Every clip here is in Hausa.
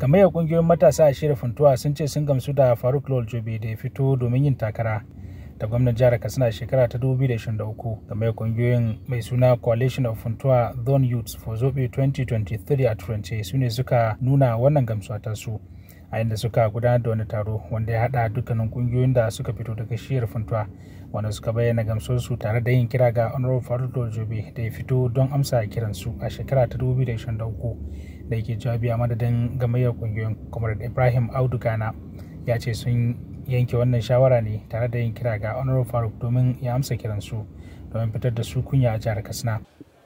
gamayyar kungiyoyin matasa a shirin funtuwa sun ce sun gamsu da faruk lol jobe da ya fito domin yin takara da gwamnan jihar katsina shekara ta 2023 gamayyar kungiyoyin mai suna coalition of funtuwa zone youths for zobe 2023 a turance su ne suka nuna wannan gamsuwa ta su a inda suka gudanar da wani taro wanda ya hada dukkanin kungiyoyin da suka fito daga shiyar funtuwa wanda suka bayyana su tare da yin kira ga honorable faruk jobe da ya fito don amsa kiransu a shekara ta 2023 da ke jawabi a madadin gamayyar kungiyoyin kamar ibrahim audu gana ya ce sun yanke wannan shawara ne tare da yin kira ga honorable faruk domin ya amsa kiransu domin fitar da su kunya a jihar katsina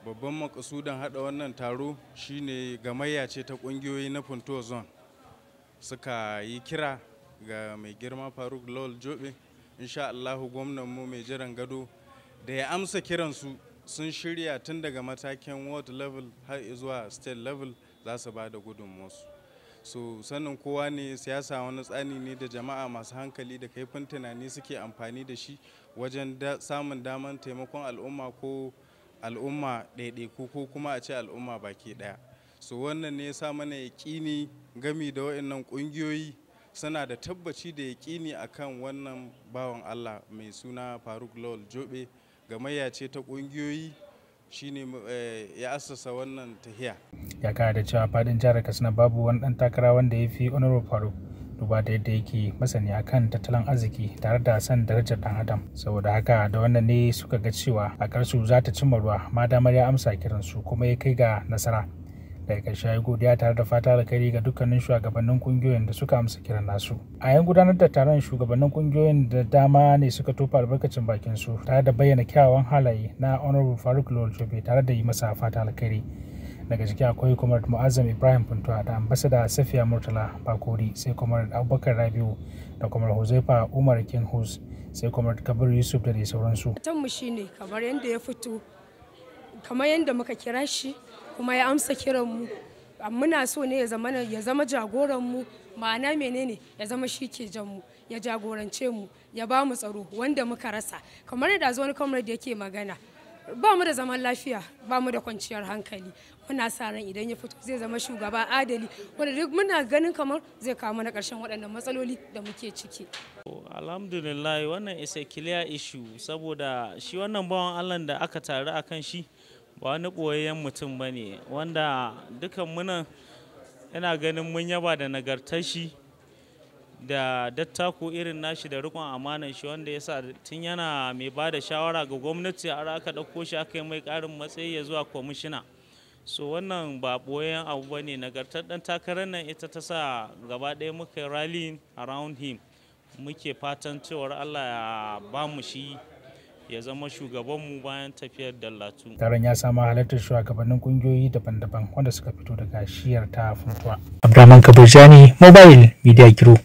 babban makasudan hada wannan taro shine gamayya ce ta kungiyoyi na funtuwa zone suka yi kira ga mai girma faruk lol jobe insha allahu mu mai jiran gado da ya amsa kiransu sun shirya tun daga matakin ward level har zuwa state level za su ba da gudunmuwarsu so sannan kowa ne siyasa wani tsani ne da jama'a masu hankali da kaifin tunani suke amfani da shi wajen samun daman taimakon al'umma ko al'umma ɗaiɗaiku ko kuma a ce al'umma baki ɗaya su wannan ne ya sa mana yaƙini gami da waɗannan ƙungiyoyi suna da tabbaci da yaƙini kan wannan bawan Allah mai suna Faruk Lawal Jobe gamayya ce ta ƙungiyoyi shine eh, ya assasa wannan tahiya. Ya kada da cewa fadin jihar Katsina babu wani ɗan takara wanda ya fi onarwa Faruk duba da yadda yake masani kan tattalin arziki tare da san darajar dan adam saboda haka da wannan ne suka ga cewa a ƙarsu za ta cimma ruwa ma damar ya amsa kiransu kuma ya kai ga nasara daga ƙarshe ya godiya tare da fata alkhairi ga dukkanin shugabannin kungiyoyin da suka amsa kiran nasu a yan gudanar da taron shugabannin kungiyoyin da dama ne suka tofa albarkacin bakin su tare da bayyana kyawawan halaye na honorable faruk lolchobe tare da yi masa fata alkhairi daga ciki akwai kuma mu'azzam ibrahim puntuwa da ambasada safiya murtala bakori sai kuma abubakar rabiu da kuma huzaifa umar king hus sai kuma kabir yusuf da dai sauransu mu shine kamar yadda ya fito kamar yadda muka kira shi kuma ya amsa kiran mu muna so ne ya zama ya zama jagoran mu ma'ana menene ya zama shi ke jan mu ya jagorance mu ya ba mu tsaro wanda muka rasa kamar yadda zuwa comrade yake magana ba mu da zaman lafiya ba mu da kwanciyar hankali muna sa ran idan ya fito zai zama shugaba adali wanda duk muna ganin kamar zai kawo mana karshen waɗannan matsaloli da muke ciki alhamdulillah wannan is a clear issue saboda shi wannan bawan allah da aka taru akan shi ba wani ɓoyayyen mutum ba ne wanda dukan munan yana ganin mun yaba da nagartar shi da dattako irin nashi da rikon amanan shi wanda ya sa tun yana mai ba da shawara ga gwamnati har aka ɗauko shi aka yi mai ƙarin matsayi ya zuwa kwamishina so wannan ba ɓoyen abu ba ne nagartar ɗan takarar nan ita ta sa gaba ɗaya muka rally around him muke fatan cewar allah ya ba mu shi ya zama shugabanmu bayan tafiyar dallatu. Taron ya samu halartar shugabannin kungiyoyi daban-daban wanda suka fito daga shiyar ta funtuwa. Abdulrahman Kabirjani, Mobile Media Group.